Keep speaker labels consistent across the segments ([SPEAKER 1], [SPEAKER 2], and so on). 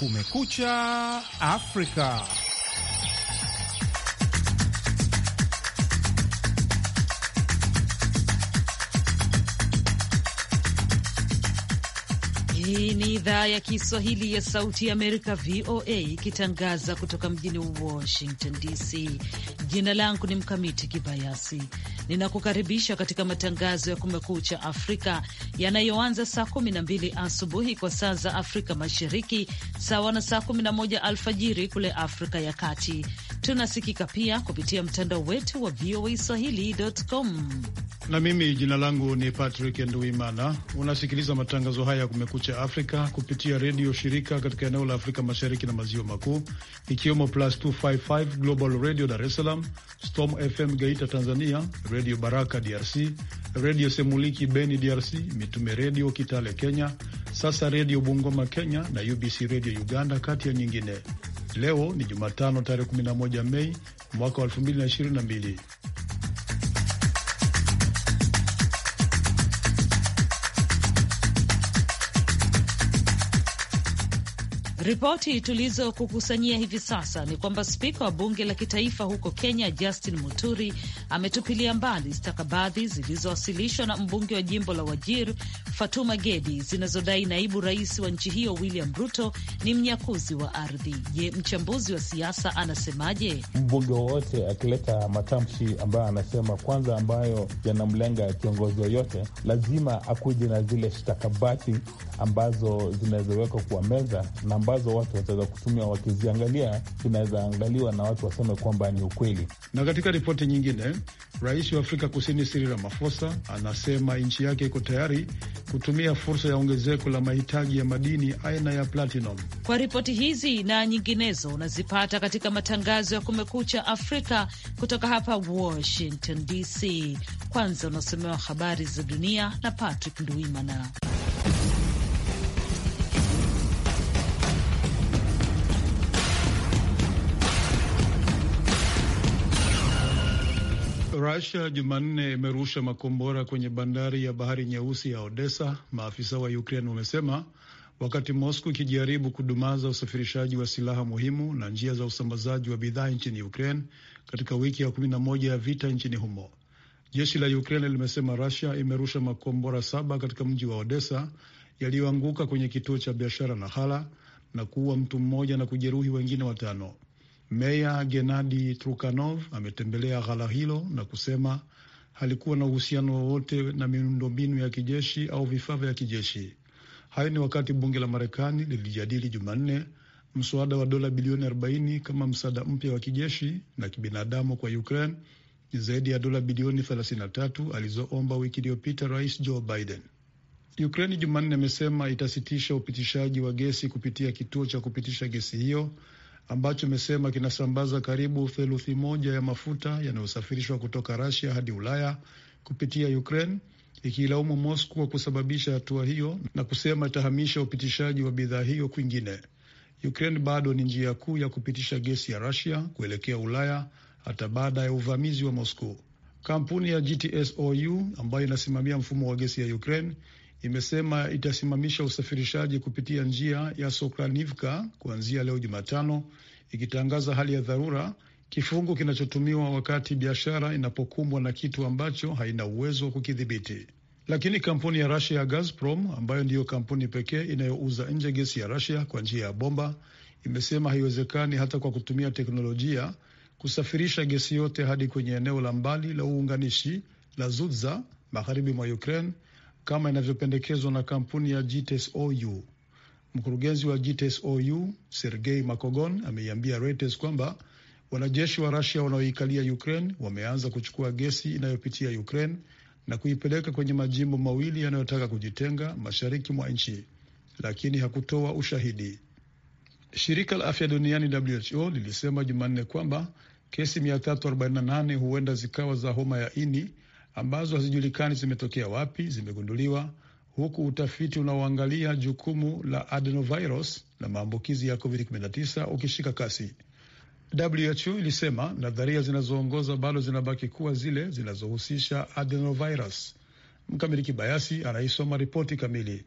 [SPEAKER 1] Kumekucha Afrika.
[SPEAKER 2] Hii ni idhaa ya Kiswahili ya Sauti ya Amerika, VOA, ikitangaza kutoka mjini Washington DC. Jina langu ni Mkamiti Kibayasi. Ninakukaribisha katika matangazo ya Kumekucha Afrika yanayoanza saa mbili asubuhi kwa saa za Afrika Mashariki, sawa na saa moja alfajiri kule Afrika ya Kati. Tunasikika pia kupitia mtandao wetu wa VOA Swahili.com.
[SPEAKER 3] Na mimi jina langu ni Patrick Nduimana. Unasikiliza matangazo haya ya Kumekucha Afrika kupitia redio shirika katika eneo la Afrika Mashariki na Maziwa Makuu, ikiwemo Plus 255 Global Radio Dar es Salaam, Storm FM Geita Tanzania, Redio Baraka DRC, Redio Semuliki Beni DRC, Mitume Redio Kitale Kenya, Sasa Redio Bungoma Kenya na UBC Redio Uganda, kati ya nyingine. Leo ni Jumatano tarehe 11 Mei mwaka wa 2022.
[SPEAKER 2] Ripoti tulizokukusanyia hivi sasa ni kwamba spika wa bunge la kitaifa huko Kenya, Justin Muturi, ametupilia mbali stakabadhi zilizowasilishwa na mbunge wa jimbo la Wajir, Fatuma Gedi, zinazodai naibu rais wa nchi hiyo William Ruto ni mnyakuzi wa ardhi. Je, mchambuzi wa siasa anasemaje?
[SPEAKER 1] Mbunge wowote akileta matamshi ambayo anasema kwanza, ambayo yanamlenga kiongozi yoyote, lazima akuje na zile stakabadhi ambazo zinazowekwa kwa meza ambazo watu wataweza kutumia wakiziangalia, zinaweza angaliwa na watu waseme kwamba ni ukweli.
[SPEAKER 3] Na katika ripoti nyingine, rais wa Afrika Kusini Cyril Ramaphosa anasema nchi yake iko tayari kutumia fursa ya ongezeko la mahitaji ya madini aina ya platinum.
[SPEAKER 2] Kwa ripoti hizi na nyinginezo unazipata katika matangazo ya Kumekucha Afrika kutoka hapa Washington DC. Kwanza unasomewa habari za dunia na Patrick Nduimana.
[SPEAKER 3] Russia Jumanne imerusha makombora kwenye bandari ya bahari nyeusi ya Odessa, maafisa wa Ukraine wamesema, wakati Moscow ikijaribu kudumaza usafirishaji wa silaha muhimu na njia za usambazaji wa bidhaa nchini Ukraine katika wiki ya 11 ya vita nchini humo. Jeshi la Ukraine limesema Russia imerusha makombora saba katika mji wa Odessa yaliyoanguka kwenye kituo cha biashara na hala na kuua mtu mmoja na kujeruhi wengine watano. Meya Genadi Trukanov ametembelea ghala hilo na kusema halikuwa na uhusiano wowote na miundombinu ya kijeshi au vifaa vya kijeshi. Hayo ni wakati bunge la Marekani lilijadili Jumanne mswada wa dola bilioni 40 kama msaada mpya wa kijeshi na kibinadamu kwa Ukraine, ni zaidi ya dola bilioni 33 alizoomba wiki iliyopita Rais Joe Biden. Ukraine Jumanne amesema itasitisha upitishaji wa gesi kupitia kituo cha kupitisha gesi hiyo ambacho imesema kinasambaza karibu theluthi moja ya mafuta yanayosafirishwa kutoka Rasia hadi Ulaya kupitia Ukraine, ikiilaumu Moscow kwa kusababisha hatua hiyo na kusema itahamisha upitishaji wa bidhaa hiyo kwingine. Ukraine bado ni njia kuu ya kupitisha gesi ya Rasia kuelekea Ulaya hata baada ya uvamizi wa Moscow. Kampuni ya GTSOU ambayo inasimamia mfumo wa gesi ya Ukraine imesema itasimamisha usafirishaji kupitia njia ya Sokranivka kuanzia leo Jumatano, ikitangaza hali ya dharura, kifungu kinachotumiwa wakati biashara inapokumbwa na kitu ambacho haina uwezo wa kukidhibiti. Lakini kampuni ya rasia ya Gazprom ambayo ndiyo kampuni pekee inayouza nje gesi ya rasia kwa njia ya bomba imesema haiwezekani hata kwa kutumia teknolojia kusafirisha gesi yote hadi kwenye eneo la mbali la uunganishi la Zudza magharibi mwa Ukraine kama inavyopendekezwa na kampuni ya GTSOU. Mkurugenzi wa GTSOU Sergei Makogon ameiambia Reuters kwamba wanajeshi wa Rusia wanaoikalia Ukraine wameanza kuchukua gesi inayopitia Ukraine na kuipeleka kwenye majimbo mawili yanayotaka kujitenga mashariki mwa nchi, lakini hakutoa ushahidi. Shirika la afya duniani WHO lilisema Jumanne kwamba kesi 348 huenda zikawa za homa ya ini ambazo hazijulikani zimetokea wapi zimegunduliwa, huku utafiti unaoangalia jukumu la adenovirus na maambukizi ya covid-19 ukishika kasi. WHO ilisema nadharia zinazoongoza bado zinabaki kuwa zile zinazohusisha adenovirus. Mkamili Kibayasi anaisoma ripoti kamili.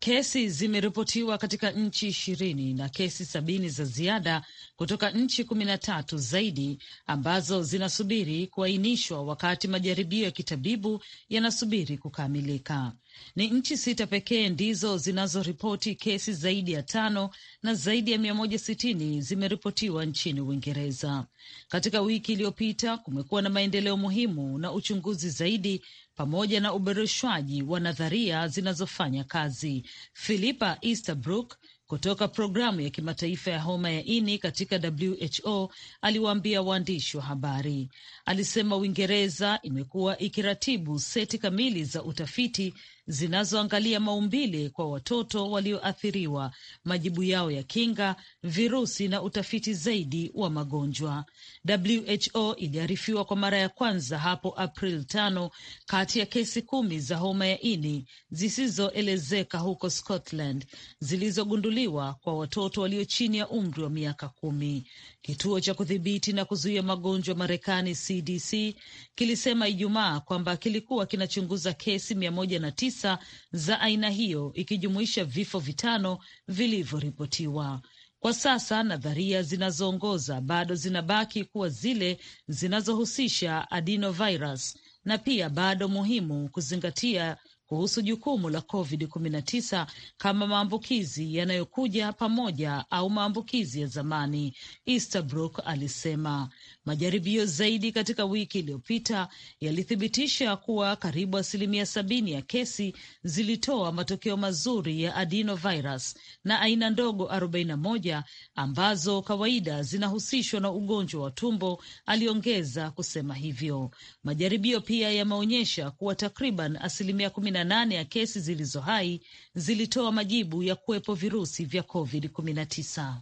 [SPEAKER 2] Kesi zimeripotiwa katika nchi ishirini na kesi sabini za ziada kutoka nchi kumi na tatu zaidi ambazo zinasubiri kuainishwa wakati majaribio ya kitabibu yanasubiri kukamilika. Ni nchi sita pekee ndizo zinazoripoti kesi zaidi ya tano na zaidi ya mia moja sitini zimeripotiwa nchini Uingereza. Katika wiki iliyopita kumekuwa na maendeleo muhimu na uchunguzi zaidi pamoja na uboreshwaji wa nadharia zinazofanya kazi. Philippa Easterbrook kutoka programu ya kimataifa ya homa ya ini katika WHO aliwaambia waandishi wa habari. Alisema Uingereza imekuwa ikiratibu seti kamili za utafiti zinazoangalia maumbile kwa watoto walioathiriwa, majibu yao ya kinga, virusi na utafiti zaidi wa magonjwa. WHO iliarifiwa kwa mara ya kwanza hapo April tano kati ya kesi kumi za homa ya ini zisizoelezeka huko Scotland zilizogunduliwa kwa watoto walio chini ya umri wa miaka kumi. Kituo cha kudhibiti na kuzuia magonjwa Marekani, CDC, kilisema Ijumaa kwamba kilikuwa kinachunguza kesi mia moja na tisa za aina hiyo ikijumuisha vifo vitano vilivyoripotiwa. Kwa sasa nadharia zinazoongoza bado zinabaki kuwa zile zinazohusisha adenovirus na pia bado muhimu kuzingatia kuhusu jukumu la COVID-19 kama maambukizi yanayokuja pamoja au maambukizi ya zamani. Easterbrook alisema majaribio zaidi katika wiki iliyopita yalithibitisha kuwa karibu asilimia sabini ya kesi zilitoa matokeo mazuri ya adenovirus na aina ndogo 41 ambazo kawaida zinahusishwa na ugonjwa wa tumbo. Aliongeza kusema hivyo majaribio pia yameonyesha kuwa takriban asilimia kumi na nane ya kesi zilizo hai zilitoa majibu ya kuwepo virusi vya COVID-19.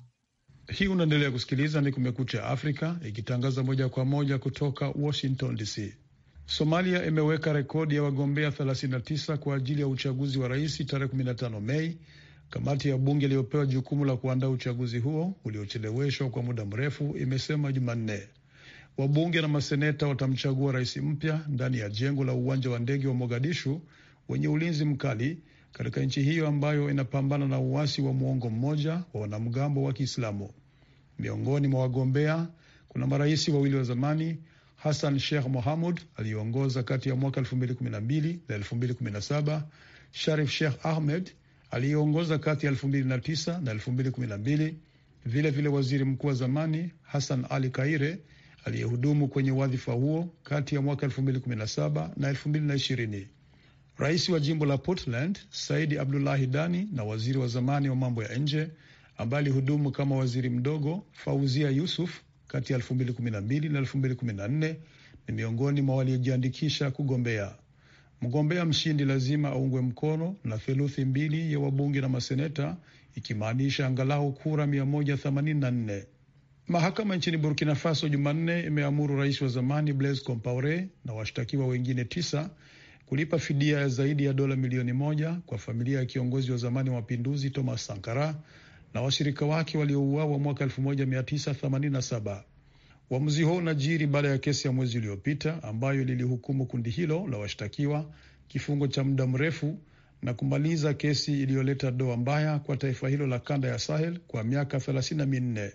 [SPEAKER 3] Hii unaendelea kusikiliza ni Kumekucha Afrika ikitangaza moja kwa moja kutoka Washington DC. Somalia imeweka rekodi ya wagombea 39 kwa ajili ya uchaguzi wa rais tarehe 15 Mei. Kamati ya bunge iliyopewa jukumu la kuandaa uchaguzi huo uliocheleweshwa kwa muda mrefu imesema Jumanne wabunge na maseneta watamchagua rais mpya ndani ya jengo la uwanja wa ndege wa Mogadishu wenye ulinzi mkali katika nchi hiyo ambayo inapambana na uasi wa muongo mmoja wa wanamgambo wa Kiislamu. Miongoni mwa wagombea kuna marais wawili wa zamani, Hassan Sheikh Mohamud aliyeongoza kati ya mwaka 2012 na 2017, Sharif Sheikh Ahmed aliyeongoza kati ya 2009 na 2012, vile vile waziri mkuu wa zamani Hassan Ali Kaire aliyehudumu kwenye wadhifa huo kati ya mwaka 2017 na 2020. Rais wa jimbo la Portland Saidi Abdulahi Dani na waziri wa zamani wa mambo ya nje ambaye alihudumu kama waziri mdogo Fauzia Yusuf kati ya 2012 na 2014 ni miongoni mwa waliojiandikisha kugombea. Mgombea mshindi lazima aungwe mkono na theluthi mbili ya wabunge na maseneta, ikimaanisha angalau kura 184. Mahakama nchini Burkina Faso Jumanne imeamuru rais wa zamani Blaise Compaore na washtakiwa wengine tisa kulipa fidia ya zaidi ya dola milioni moja kwa familia ya kiongozi wa zamani wa mapinduzi Thomas Sankara na washirika wake waliouawa mwaka 1987. Uamuzi huo unajiri baada ya kesi ya mwezi uliopita ambayo lilihukumu kundi hilo la washtakiwa kifungo cha muda mrefu na kumaliza kesi iliyoleta doa mbaya kwa taifa hilo la kanda ya Sahel kwa miaka 34.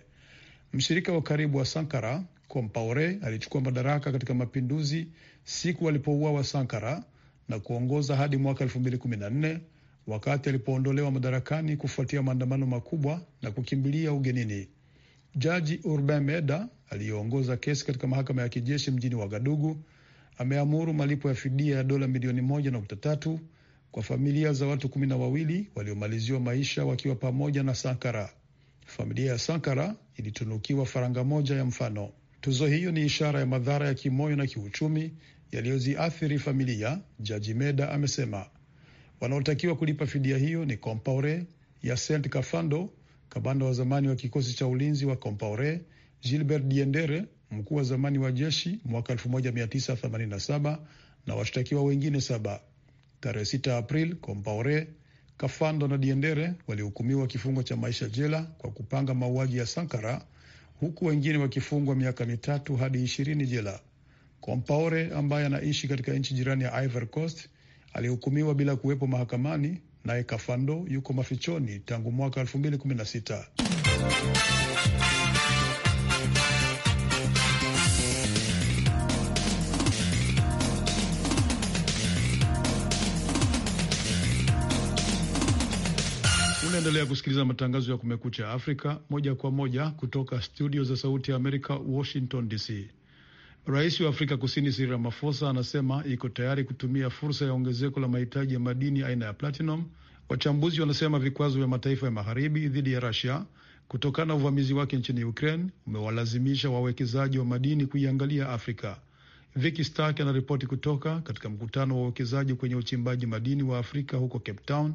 [SPEAKER 3] Mshirika wa karibu wa Sankara Compaore alichukua madaraka katika mapinduzi siku alipouawa Sankara na kuongoza hadi mwaka 2014 wakati alipoondolewa madarakani kufuatia maandamano makubwa na kukimbilia ugenini. Jaji Urbain Meda aliyeongoza kesi katika mahakama ya kijeshi mjini Wagadugu ameamuru malipo ya fidia ya dola milioni moja nukta tatu kwa familia za watu kumi na wawili waliomaliziwa maisha wakiwa pamoja na Sankara. Familia ya Sankara ilitunukiwa faranga moja ya mfano. Tuzo hiyo ni ishara ya madhara ya kimoyo na kiuchumi yaliyoziathiri familia, Jaji Meda amesema. Wanaotakiwa kulipa fidia hiyo ni Compaore st Kafando, kamanda wa zamani wa kikosi cha ulinzi wa Compaore, Gilbert Diendere, mkuu wa zamani wa jeshi mwaka 1987 na washtakiwa wengine saba. Tarehe 6 april Compaore, Kafando na Diendere walihukumiwa kifungo cha maisha jela kwa kupanga mauaji ya Sankara, huku wengine wakifungwa miaka mitatu hadi ishirini jela. Compaore ambaye anaishi katika nchi jirani ya Ivory Coast alihukumiwa bila kuwepo mahakamani, naye Kafando yuko mafichoni tangu mwaka 2016. Unaendelea kusikiliza matangazo ya Kumekucha Afrika moja kwa moja kutoka studio za Sauti ya Amerika, Washington DC. Rais wa Afrika Kusini Cyril Ramaphosa anasema iko tayari kutumia fursa ya ongezeko la mahitaji ya madini aina ya platinum. Wachambuzi wanasema vikwazo vya mataifa ya magharibi dhidi ya Russia kutokana na uvamizi wake nchini Ukraine umewalazimisha wawekezaji wa madini kuiangalia Afrika. Vicky Stark anaripoti kutoka katika mkutano wa wawekezaji kwenye uchimbaji madini wa Afrika huko Cape Town.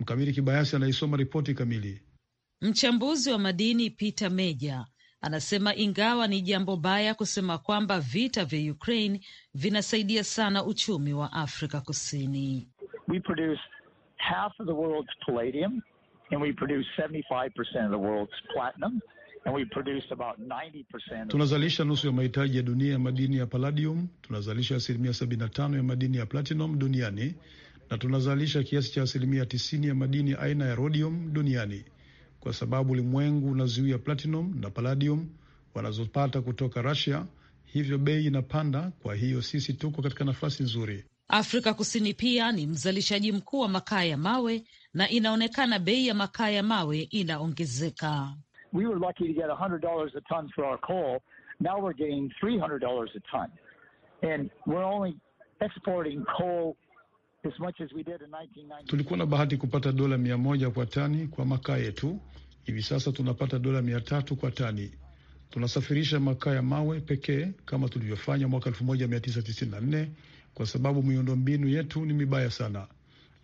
[SPEAKER 3] Mkamili Kibayasi anaisoma ripoti kamili.
[SPEAKER 2] Mchambuzi wa madini Peter Meja Anasema ingawa ni jambo baya kusema kwamba vita vya Ukraine vinasaidia sana uchumi wa Afrika Kusini. We produce half of the world's palladium and we produce 75% of the world's platinum. And we produce about 90%.
[SPEAKER 3] Tunazalisha nusu ya mahitaji ya dunia ya madini ya palladium, tunazalisha asilimia 75 ya madini ya platinum duniani na tunazalisha kiasi cha asilimia 90 ya madini aina ya rhodium duniani kwa sababu ulimwengu unazuia platinum na palladium wanazopata kutoka Russia, hivyo bei inapanda. Kwa hiyo sisi tuko katika nafasi nzuri.
[SPEAKER 2] Afrika Kusini pia ni mzalishaji mkuu wa makaa ya mawe na inaonekana bei ya makaa ya mawe inaongezeka. We were lucky to get $100 a ton for our coal. Now we're getting $300 a ton. And we're only exporting coal
[SPEAKER 3] Tulikuwa na bahati kupata dola mia moja kwa tani kwa makaa yetu. Hivi sasa tunapata dola mia tatu kwa tani. Tunasafirisha makaa ya mawe pekee kama tulivyofanya mwaka 1994 kwa sababu miundombinu yetu ni mibaya sana,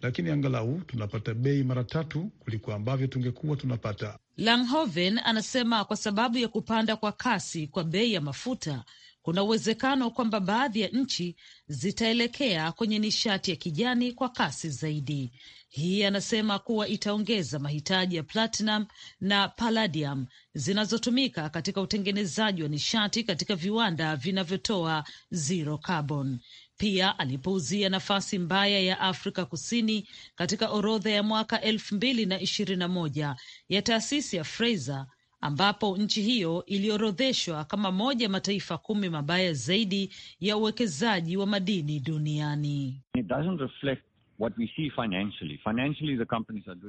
[SPEAKER 3] lakini angalau tunapata bei mara tatu kuliko ambavyo tungekuwa tunapata.
[SPEAKER 2] Langhoven anasema kwa sababu ya kupanda kwa kasi kwa bei ya mafuta kuna uwezekano kwamba baadhi ya nchi zitaelekea kwenye nishati ya kijani kwa kasi zaidi. Hii anasema kuwa itaongeza mahitaji ya platinum na palladium zinazotumika katika utengenezaji wa nishati katika viwanda vinavyotoa zero carbon. Pia alipouzia nafasi mbaya ya Afrika Kusini katika orodha ya mwaka elfu mbili na ishirini na moja ya taasisi ya Fraser ambapo nchi hiyo iliorodheshwa kama moja ya mataifa kumi mabaya zaidi ya uwekezaji wa madini duniani.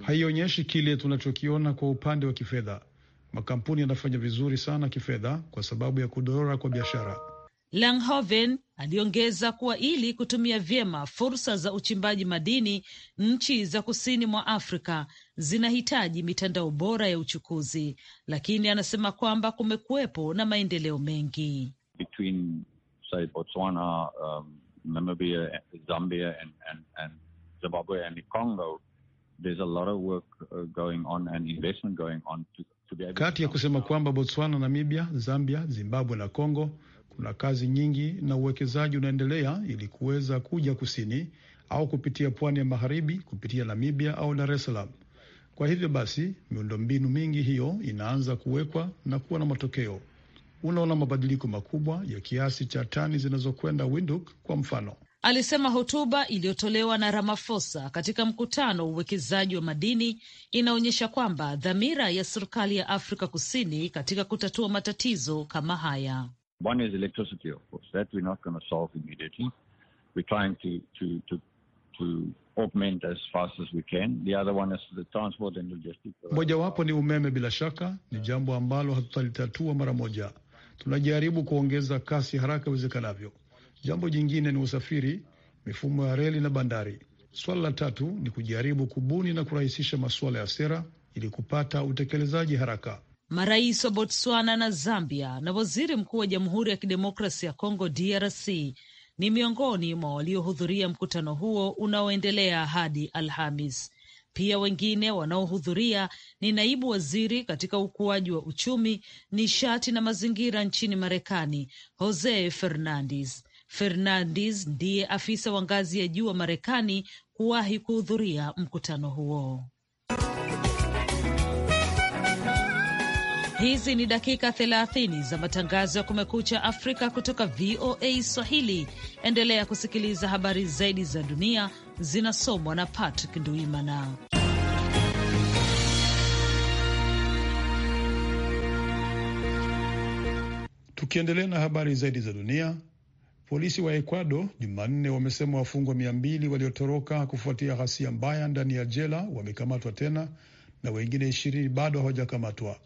[SPEAKER 3] Haionyeshi kile tunachokiona kwa upande wa kifedha. Makampuni yanafanya vizuri sana kifedha kwa sababu ya kudorora kwa biashara.
[SPEAKER 2] Langhoven aliongeza kuwa ili kutumia vyema fursa za uchimbaji madini, nchi za kusini mwa Afrika zinahitaji mitandao bora ya uchukuzi, lakini anasema kwamba kumekuwepo na maendeleo mengi
[SPEAKER 4] Between, say, Botswana, um, Namibia, Zambia and, and, and Zimbabwe and Congo there's a lot of work uh, going on and investment going on to, to be able kati ya kusema kwamba
[SPEAKER 3] Botswana, Namibia, Zambia, Zimbabwe na Congo kuna kazi nyingi na uwekezaji unaendelea ili kuweza kuja kusini au kupitia pwani ya magharibi kupitia Namibia au Dar es Salaam. Kwa hivyo basi, miundombinu mingi hiyo inaanza kuwekwa na kuwa na matokeo. Unaona mabadiliko makubwa ya kiasi cha tani zinazokwenda Windhoek kwa mfano,
[SPEAKER 2] alisema hotuba iliyotolewa na Ramaphosa katika mkutano wa uwekezaji wa madini inaonyesha kwamba dhamira ya serikali ya Afrika Kusini katika kutatua matatizo kama haya
[SPEAKER 4] One is electricity, of course. That we're not going to solve immediately. We're trying to, to, to, to augment as fast as we can. The other one is the transport and logistics. Mojawapo
[SPEAKER 3] ni umeme, bila shaka ni jambo ambalo hatutalitatua mara moja. Tunajaribu kuongeza kasi haraka iwezekanavyo. Jambo jingine ni usafiri, mifumo ya reli na bandari. Swala la tatu ni kujaribu kubuni na kurahisisha masuala ya sera ili kupata utekelezaji haraka
[SPEAKER 2] marais wa Botswana na Zambia na waziri mkuu wa Jamhuri ya Kidemokrasi ya Kongo DRC ni miongoni mwa waliohudhuria mkutano huo unaoendelea hadi Alhamis. Pia wengine wanaohudhuria ni naibu waziri katika ukuaji wa uchumi, nishati na mazingira nchini Marekani, Jose Fernandez. Fernandez ndiye afisa wa ngazi ya juu wa Marekani kuwahi kuhudhuria mkutano huo. Hizi ni dakika 30 za matangazo ya Kumekucha Afrika kutoka VOA Swahili. Endelea kusikiliza habari zaidi za dunia, zinasomwa na Patrick Nduimana.
[SPEAKER 3] Tukiendelea na habari zaidi za dunia, polisi wa Ecuador Jumanne wamesema wafungwa mia mbili waliotoroka kufuatia ghasia mbaya ndani ya jela wamekamatwa tena na wengine ishirini bado hawajakamatwa.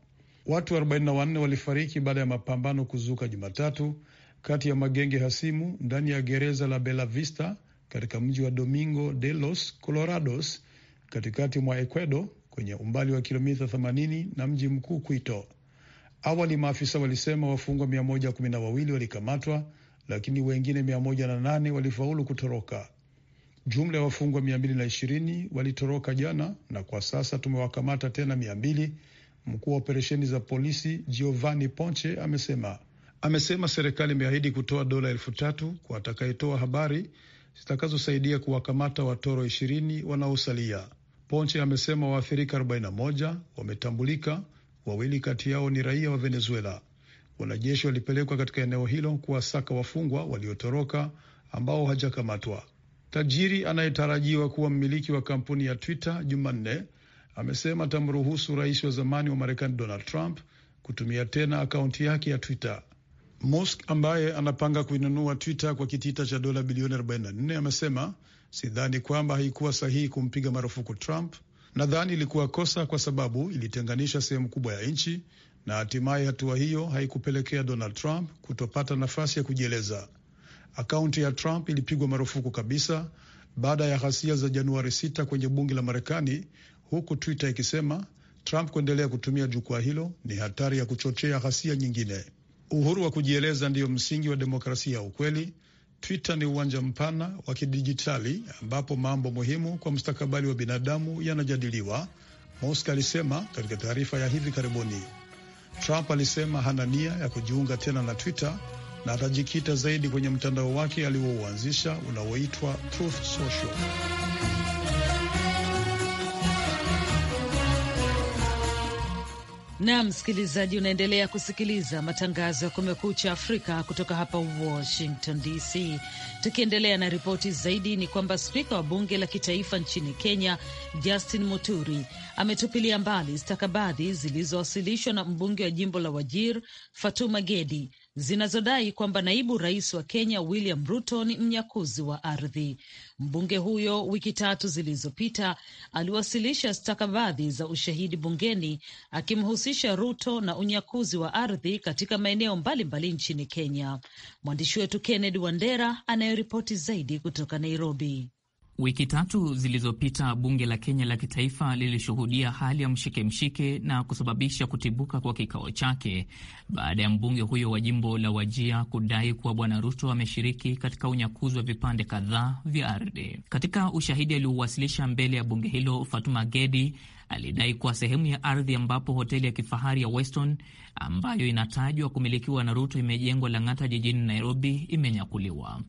[SPEAKER 3] Watu 44 walifariki baada ya mapambano kuzuka Jumatatu kati ya magenge hasimu ndani ya gereza la Bella Vista katika mji wa Domingo de los Colorados katikati mwa Ecuador kwenye umbali wa kilomita 80 na mji mkuu Quito. Awali maafisa walisema wafungwa 112 walikamatwa, lakini wengine 108 walifaulu kutoroka. Jumla ya wafungwa 220 walitoroka jana, na kwa sasa tumewakamata tena Mkuu wa operesheni za polisi Giovanni Ponche amesema amesema serikali imeahidi kutoa dola elfu tatu kwa atakayetoa habari zitakazosaidia kuwakamata watoro ishirini wanaosalia. Ponche amesema waathirika 41 wametambulika, wawili kati yao ni raia wa Venezuela. Wanajeshi walipelekwa katika eneo hilo kuwasaka wafungwa waliotoroka ambao hajakamatwa. Tajiri anayetarajiwa kuwa mmiliki wa kampuni ya Twitter Jumanne amesema atamruhusu rais wa zamani wa Marekani Donald Trump kutumia tena akaunti yake ya Twitter. Musk ambaye anapanga kuinunua Twitter kwa kitita cha dola bilioni 44 amesema, sidhani kwamba haikuwa sahihi kumpiga marufuku Trump. Nadhani ilikuwa kosa kwa sababu ilitenganisha sehemu kubwa ya nchi, na hatimaye hatua hiyo haikupelekea Donald Trump kutopata nafasi ya kujieleza. Akaunti ya Trump ilipigwa marufuku kabisa baada ya ghasia za Januari 6 kwenye bunge la Marekani huku Twitter ikisema Trump kuendelea kutumia jukwaa hilo ni hatari ya kuchochea ghasia nyingine. Uhuru wa kujieleza ndiyo msingi wa demokrasia ya ukweli. Twitter ni uwanja mpana wa kidijitali ambapo mambo muhimu kwa mustakabali wa binadamu yanajadiliwa, Musk alisema katika taarifa ya hivi karibuni. Trump alisema hana nia ya kujiunga tena na Twitter na atajikita zaidi kwenye mtandao wake aliouanzisha unaoitwa Truth Social.
[SPEAKER 2] na msikilizaji, unaendelea kusikiliza matangazo ya Kumekucha Afrika kutoka hapa Washington DC. Tukiendelea na ripoti zaidi, ni kwamba spika wa bunge la kitaifa nchini Kenya Justin Muturi ametupilia mbali stakabadhi zilizowasilishwa na mbunge wa jimbo la Wajir Fatuma Gedi zinazodai kwamba naibu rais wa Kenya William Ruto ni mnyakuzi wa ardhi. Mbunge huyo wiki tatu zilizopita aliwasilisha stakabadhi za ushahidi bungeni akimhusisha Ruto na unyakuzi wa ardhi katika maeneo mbalimbali nchini Kenya. Mwandishi wetu Kennedy Wandera anayeripoti zaidi kutoka Nairobi.
[SPEAKER 5] Wiki tatu zilizopita bunge la Kenya la kitaifa lilishuhudia hali ya mshike mshike na kusababisha kutibuka kwa kikao chake baada ya mbunge huyo wa jimbo la Wajia kudai kuwa Bwana Ruto ameshiriki katika unyakuzi wa vipande kadhaa vya ardhi. Katika ushahidi aliowasilisha mbele ya bunge hilo, Fatuma Gedi alidai kuwa sehemu ya ardhi ambapo hoteli ya kifahari ya Weston ambayo inatajwa kumilikiwa na Ruto imejengwa Lang'ata jijini Nairobi imenyakuliwa.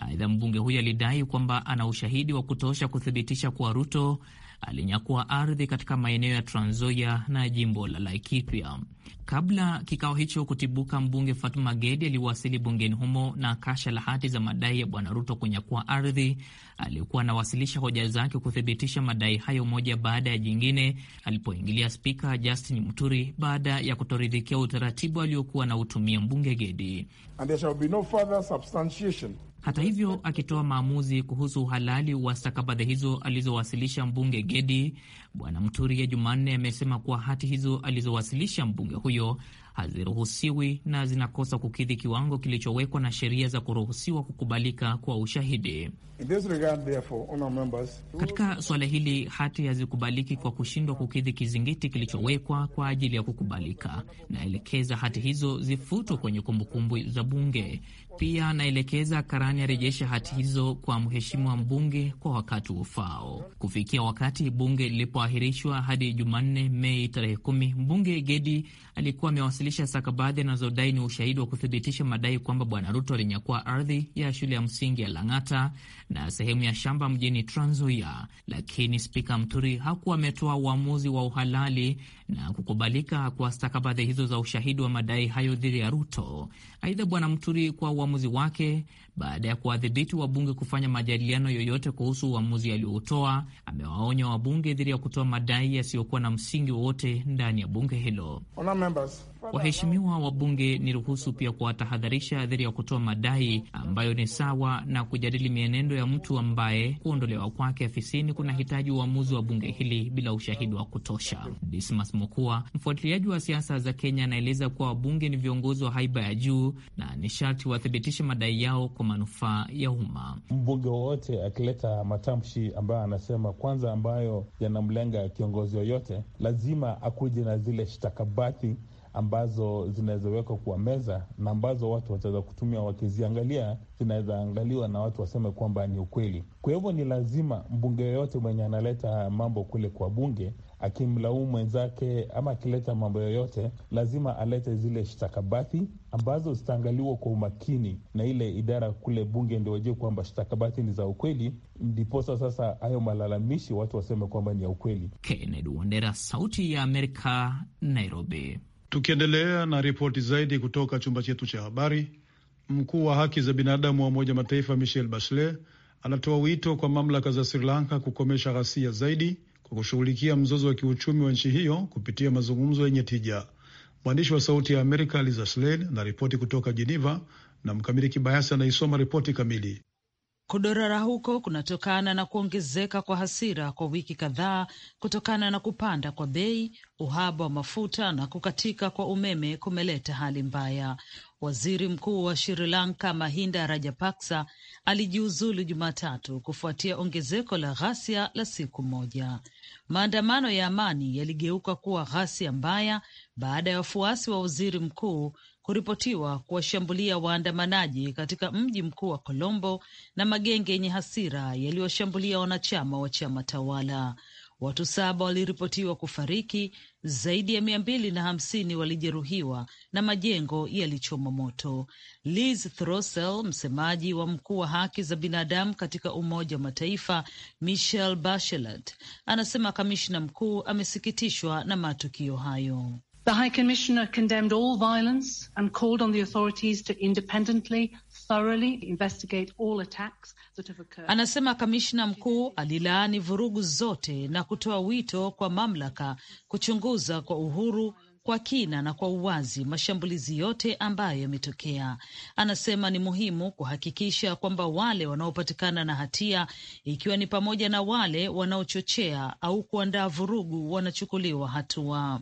[SPEAKER 5] Aidha, mbunge huyo alidai kwamba ana ushahidi wa kutosha kuthibitisha kuwa Ruto alinyakua ardhi katika maeneo ya Trans Nzoia na jimbo la Laikipia. Kabla kikao hicho kutibuka, mbunge Fatuma Gedi aliwasili bungeni humo na kasha la hati za madai ya bwana Ruto kunyakua ardhi. Alikuwa anawasilisha hoja zake kuthibitisha madai hayo moja baada ya jingine, alipoingilia Spika Justin Muturi baada ya kutoridhikia utaratibu aliokuwa anautumia mbunge Gedi. And
[SPEAKER 1] there shall be no further substantiation
[SPEAKER 5] hata hivyo, akitoa maamuzi kuhusu uhalali wa stakabadhi hizo alizowasilisha mbunge Gedi, Bwana Mturia Jumanne amesema kuwa hati hizo alizowasilisha mbunge huyo haziruhusiwi na zinakosa kukidhi kiwango kilichowekwa na sheria za kuruhusiwa kukubalika kwa ushahidi.
[SPEAKER 1] Regard, members...
[SPEAKER 5] katika suala hili hati hazikubaliki kwa kushindwa kukidhi kizingiti kilichowekwa kwa ajili ya kukubalika. Naelekeza hati hizo zifutwe kwenye kumbukumbu za bunge. Pia anaelekeza karani arejeshe hati hizo kwa mheshimiwa mbunge kwa wakati ufao. Kufikia wakati bunge lilipoahirishwa hadi Jumanne, Mei tarehe kumi, mbunge Gedi alikuwa amewasilisha stakabadhi anazodai ni ushahidi wa kuthibitisha madai kwamba Bwana Ruto alinyakua ardhi ya shule ya msingi ya Lang'ata na sehemu ya shamba mjini Trans Nzoia, lakini Spika Mturi hakuwa ametoa uamuzi wa uhalali na kukubalika kwa stakabadhi hizo za ushahidi wa madai hayo dhidi ya Ruto. Aidha, Bwana Mturi kwa uamuzi wake baada ya kuwadhibiti wabunge kufanya majadiliano yoyote kuhusu uamuzi aliyoutoa, amewaonya wabunge dhidi ya kutoa madai yasiyokuwa na msingi wowote ndani ya bunge hilo. Waheshimiwa wabunge, ruhusu pia kuwatahadharisha dhidi ya kutoa madai ambayo ni sawa na kujadili mienendo ya mtu ambaye kuondolewa kwake afisini kunahitaji uamuzi wa bunge hili bila ushahidi wa kutosha. Dismas Mokua, mfuatiliaji wa siasa za Kenya, anaeleza kuwa wabunge ni viongozi wa haiba ya juu na ni sharti wathibitishe madai yao kwa manufaa ya umma.
[SPEAKER 1] Mbunge wowote akileta matamshi ambayo anasema kwanza, ambayo yanamlenga kiongozi yoyote, lazima akuje na zile shtakabati ambazo zinawezawekwa kwa meza na ambazo watu wataweza kutumia, wakiziangalia zinaweza angaliwa na watu waseme kwamba ni ukweli. Kwa hivyo ni lazima mbunge yoyote mwenye analeta mambo kule kwa bunge akimlaumu mwenzake ama akileta mambo yoyote, lazima alete zile shtakabathi ambazo zitaangaliwa kwa umakini na ile idara kule bunge, ndio wajue kwamba shtakabathi ni za ukweli, ndiposa
[SPEAKER 3] sasa hayo malalamishi watu waseme kwamba ni ya ukweli. Kennedy
[SPEAKER 5] Wandera, Sauti ya Amerika, Nairobi.
[SPEAKER 3] Tukiendelea na ripoti zaidi kutoka chumba chetu cha habari, mkuu wa haki za binadamu wa Umoja Mataifa Michelle Bachelet anatoa wito kwa mamlaka za Sri Lanka kukomesha ghasia zaidi kwa kushughulikia mzozo wa kiuchumi wa nchi hiyo kupitia mazungumzo yenye tija. Mwandishi wa Sauti ya Amerika Liza Schlein na ripoti kutoka Geneva na Mkamili Kibayasi anaisoma ripoti kamili.
[SPEAKER 2] Kudorora huko kunatokana na kuongezeka kwa hasira kwa wiki kadhaa kutokana na kupanda kwa bei, uhaba wa mafuta na kukatika kwa umeme kumeleta hali mbaya. Waziri Mkuu wa Sri Lanka Mahinda Rajapaksa alijiuzulu Jumatatu kufuatia ongezeko la ghasia la siku moja. Maandamano ya amani yaligeuka kuwa ghasia mbaya baada ya wafuasi wa waziri mkuu huripotiwa kuwashambulia waandamanaji katika mji mkuu wa Colombo na magenge yenye hasira yaliyoshambulia wanachama wa chama tawala. Watu saba waliripotiwa kufariki, zaidi ya mia mbili na hamsini walijeruhiwa na majengo yalichoma moto. Liz Throssell, msemaji wa mkuu wa haki za binadamu katika Umoja wa Mataifa Michelle Bachelet, anasema kamishna mkuu amesikitishwa na matukio hayo. The High Commissioner condemned all violence and called on the authorities to independently thoroughly investigate all attacks that have occurred. Anasema kamishna mkuu alilaani vurugu zote na kutoa wito kwa mamlaka kuchunguza kwa uhuru kwa kina na kwa uwazi mashambulizi yote ambayo yametokea. Anasema ni muhimu kuhakikisha kwamba wale wanaopatikana na hatia, ikiwa ni pamoja na wale wanaochochea au kuandaa vurugu, wanachukuliwa hatua.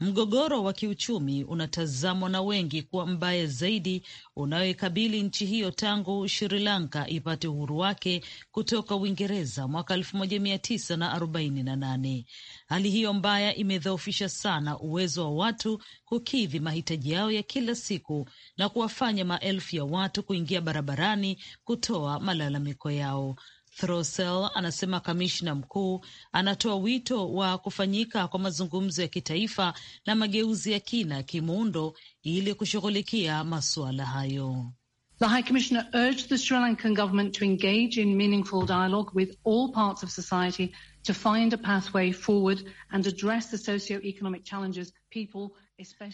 [SPEAKER 2] Mgogoro wa kiuchumi unatazamwa na wengi kuwa mbaya zaidi unayoikabili nchi hiyo tangu Sri Lanka ipate uhuru wake kutoka Uingereza mwaka elfu moja mia tisa na arobaini na nane. Hali hiyo mbaya imedhoofisha sana uwezo wa watu kukidhi mahitaji yao ya kila siku na kuwafanya maelfu ya watu kuingia barabarani kutoa malalamiko yao. Throsell anasema kamishna mkuu anatoa wito wa kufanyika kwa mazungumzo ya kitaifa na mageuzi ya kina kimuundo ili kushughulikia masuala hayo. The High Commissioner urged the Sri Lankan government to engage in meaningful dialogue with all parts of society to find a pathway forward and address the socio-economic challenges people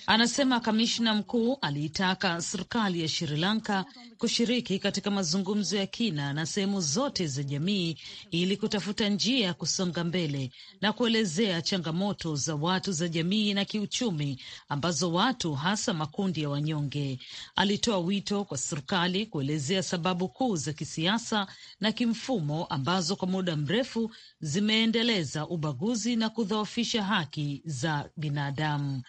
[SPEAKER 2] Anasema kamishna mkuu aliitaka serikali ya Sri Lanka kushiriki katika mazungumzo ya kina na sehemu zote za jamii ili kutafuta njia ya kusonga mbele na kuelezea changamoto za watu za jamii na kiuchumi ambazo watu hasa makundi ya wanyonge. Alitoa wito kwa serikali kuelezea sababu kuu za kisiasa na kimfumo ambazo kwa muda mrefu zimeendeleza ubaguzi na kudhoofisha haki za binadamu.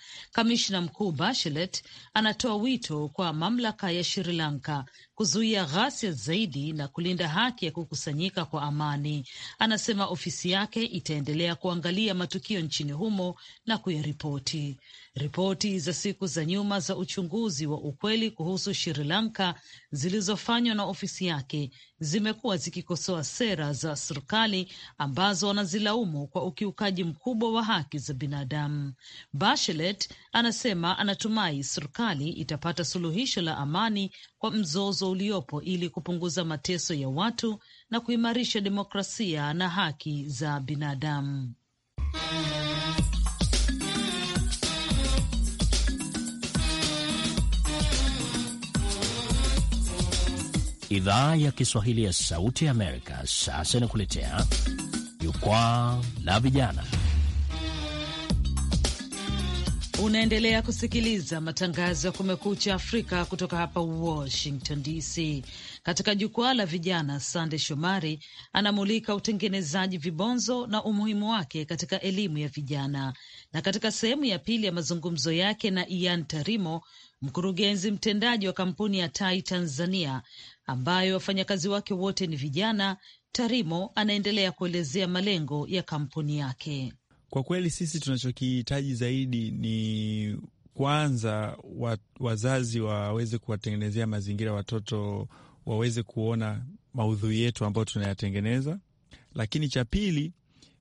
[SPEAKER 2] Kamishna mkuu Bachelet anatoa wito kwa mamlaka ya Sri Lanka kuzuia ghasia zaidi na kulinda haki ya kukusanyika kwa amani. Anasema ofisi yake itaendelea kuangalia matukio nchini humo na kuyaripoti. Ripoti za siku za nyuma za uchunguzi wa ukweli kuhusu Sri Lanka zilizofanywa na ofisi yake zimekuwa zikikosoa sera za serikali ambazo wanazilaumu kwa ukiukaji mkubwa wa haki za binadamu. Bachelet anasema anatumai serikali itapata suluhisho la amani kwa mzozo uliopo ili kupunguza mateso ya watu na kuimarisha demokrasia na haki za binadamu.
[SPEAKER 5] Idhaa ya Kiswahili ya Sauti ya Amerika sasa inakuletea jukwaa la vijana.
[SPEAKER 2] Unaendelea kusikiliza matangazo ya Kumekucha Afrika kutoka hapa Washington DC. Katika jukwaa la vijana, Sande Shomari anamulika utengenezaji vibonzo na umuhimu wake katika elimu ya vijana, na katika sehemu ya pili ya mazungumzo yake na Ian Tarimo, mkurugenzi mtendaji wa kampuni ya Tai Tanzania ambayo wafanyakazi wake wote ni vijana, Tarimo anaendelea kuelezea malengo ya kampuni yake.
[SPEAKER 4] Kwa kweli sisi tunachokihitaji zaidi ni kwanza wazazi waweze kuwatengenezea mazingira watoto waweze kuona maudhui yetu ambayo tunayatengeneza. Lakini cha pili,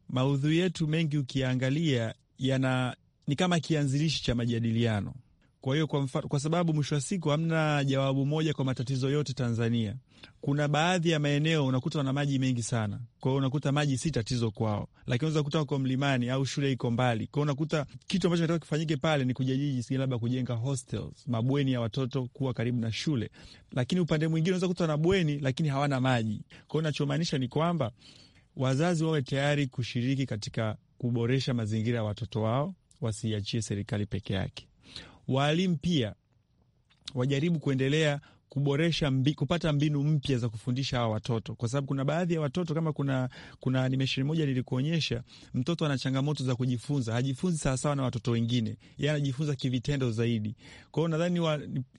[SPEAKER 4] maudhui yetu mengi ukiangalia yana ni kama kianzilishi cha majadiliano. Kwa hiyo kwa, kwa sababu mwisho wa siku hamna jawabu moja kwa matatizo yote Tanzania. Kuna baadhi ya maeneo unakuta wana maji mengi sana, kwa hiyo unakuta maji si tatizo kwao, lakini unaweza kuta uko mlimani au shule iko mbali, kwa hiyo unakuta kitu ambacho nataka kifanyike pale ni kujadili jinsi labda kujenga hostels, mabweni ya watoto kuwa karibu na shule, lakini upande mwingine unaweza kuta wana bweni lakini hawana maji. Kwa hiyo unachomaanisha ni kwamba wazazi wawe tayari kushiriki katika kuboresha mazingira ya watoto wao, wasiiachie serikali peke yake waalimu pia wajaribu kuendelea kuboresha mbi, kupata mbinu mpya za kufundisha hawa watoto, kwa sababu kuna baadhi ya watoto kama kuna kuna animesheni moja nilikuonyesha, mtoto ana changamoto za kujifunza, hajifunzi sawasawa na watoto wengine, yeye anajifunza kivitendo zaidi. Kwa hiyo nadhani,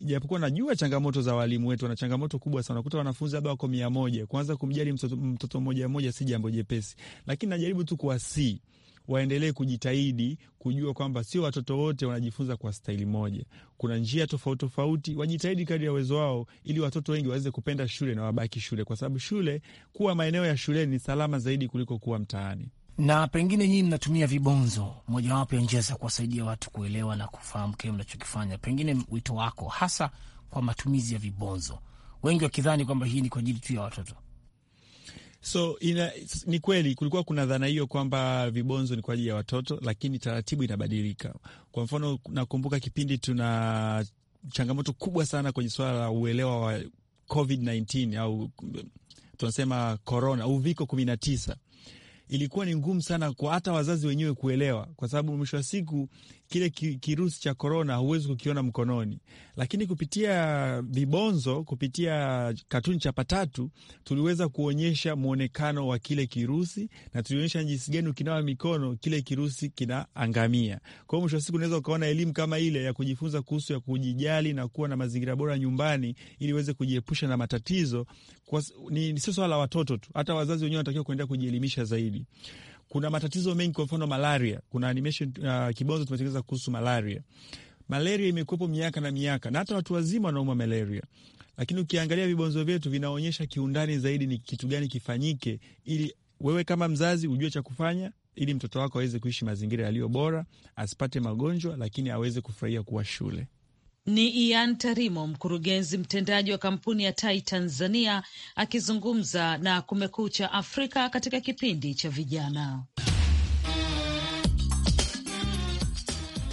[SPEAKER 4] japokuwa najua changamoto za walimu wetu, wana changamoto kubwa sana, unakuta wanafunzi labda wako mia moja, kuanza kumjali mtoto mmoja mmoja si jambo jepesi, lakini najaribu tu kuwasii waendelee kujitahidi kujua kwamba sio watoto wote wanajifunza kwa staili moja. Kuna njia tofauti tofauti, wajitahidi kadri ya uwezo wao, ili watoto wengi waweze kupenda shule na wabaki shule, kwa sababu shule, kuwa maeneo ya shuleni ni salama zaidi kuliko kuwa mtaani.
[SPEAKER 1] Na pengine nyinyi mnatumia vibonzo, mojawapo ya njia za kuwasaidia watu kuelewa na kufahamu kile mnachokifanya. Pengine wito wako hasa kwa matumizi ya vibonzo,
[SPEAKER 4] wengi wakidhani kwamba hii ni kwa ajili tu ya watoto. So ina, ni kweli kulikuwa kuna dhana hiyo kwamba vibonzo ni kwa ajili ya watoto, lakini taratibu inabadilika. Kwa mfano, nakumbuka kipindi tuna changamoto kubwa sana kwenye suala la uelewa wa COVID-19 au tunasema corona, uviko kumi na tisa ilikuwa ni ngumu sana kwa hata wazazi wenyewe kuelewa, kwa sababu mwisho wa siku kile ki, kirusi cha korona huwezi kukiona mkononi, lakini kupitia vibonzo, kupitia katuni cha patatu, tuliweza kuonyesha mwonekano wa kile kirusi na tulionyesha jinsi gani ukinawa mikono kile kirusi kinaangamia. Kwa hiyo mwisho wa siku unaweza ukaona elimu kama ile ya kujifunza kuhusu ya kujijali na kuwa na mazingira bora nyumbani, ili uweze kujiepusha na matatizo kwa, ni, ni sio swala la watoto tu, hata wazazi wenyewe wanatakiwa kuendelea kujielimisha zaidi. Kuna matatizo mengi, kwa mfano malaria. Kuna animation uh, kibonzo tumetengeneza kuhusu malaria. Malaria imekuwepo miaka na miaka na hata watu wazima wanaumwa malaria, lakini ukiangalia vibonzo vyetu vinaonyesha kiundani zaidi ni kitu gani kifanyike, ili wewe kama mzazi ujue cha kufanya ili mtoto wako aweze kuishi mazingira yaliyo bora, asipate magonjwa, lakini aweze kufurahia kuwa shule.
[SPEAKER 2] Ni Ian Tarimo, mkurugenzi mtendaji wa kampuni ya Tai Tanzania, akizungumza na Kumekucha Afrika katika kipindi cha Vijana.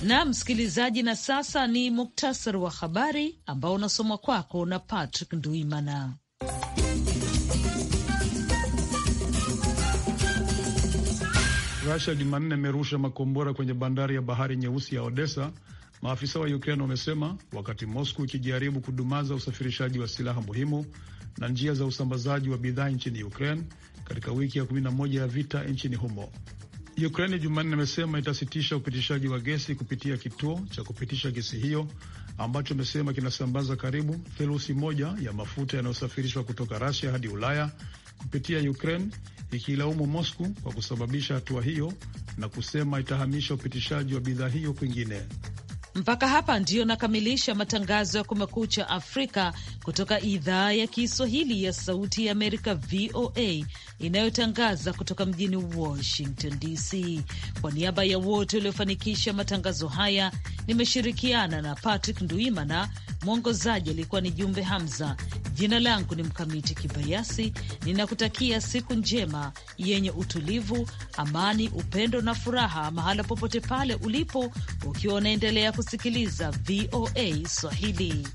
[SPEAKER 2] Na msikilizaji, na sasa ni muktasari wa habari ambao unasomwa kwako na Patrick Nduimana.
[SPEAKER 3] rasia Jumanne imerusha makombora kwenye bandari ya bahari nyeusi ya Odessa Maafisa wa Ukraine wamesema wakati Moscow ikijaribu kudumaza usafirishaji wa silaha muhimu na njia za usambazaji wa bidhaa nchini Ukraine katika wiki ya 11 ya vita nchini humo. Ukraine Jumanne imesema itasitisha upitishaji wa gesi kupitia kituo cha kupitisha gesi hiyo ambacho imesema kinasambaza karibu theluthi moja ya mafuta yanayosafirishwa kutoka Russia hadi Ulaya kupitia Ukraine, ikiilaumu Moscow kwa kusababisha hatua hiyo na kusema itahamisha upitishaji wa bidhaa hiyo kwingine.
[SPEAKER 2] Mpaka hapa ndiyo nakamilisha matangazo ya Kumekucha Afrika kutoka idhaa ya Kiswahili ya Sauti ya Amerika, VOA, inayotangaza kutoka mjini Washington DC. Kwa niaba ya wote waliofanikisha matangazo haya, nimeshirikiana na Patrick Nduimana, mwongozaji alikuwa ni Jumbe Hamza. Jina langu ni Mkamiti Kibayasi, ninakutakia siku njema yenye utulivu, amani, upendo na furaha mahala popote pale ulipo, ukiwa unaendelea kusikiliza VOA Swahili.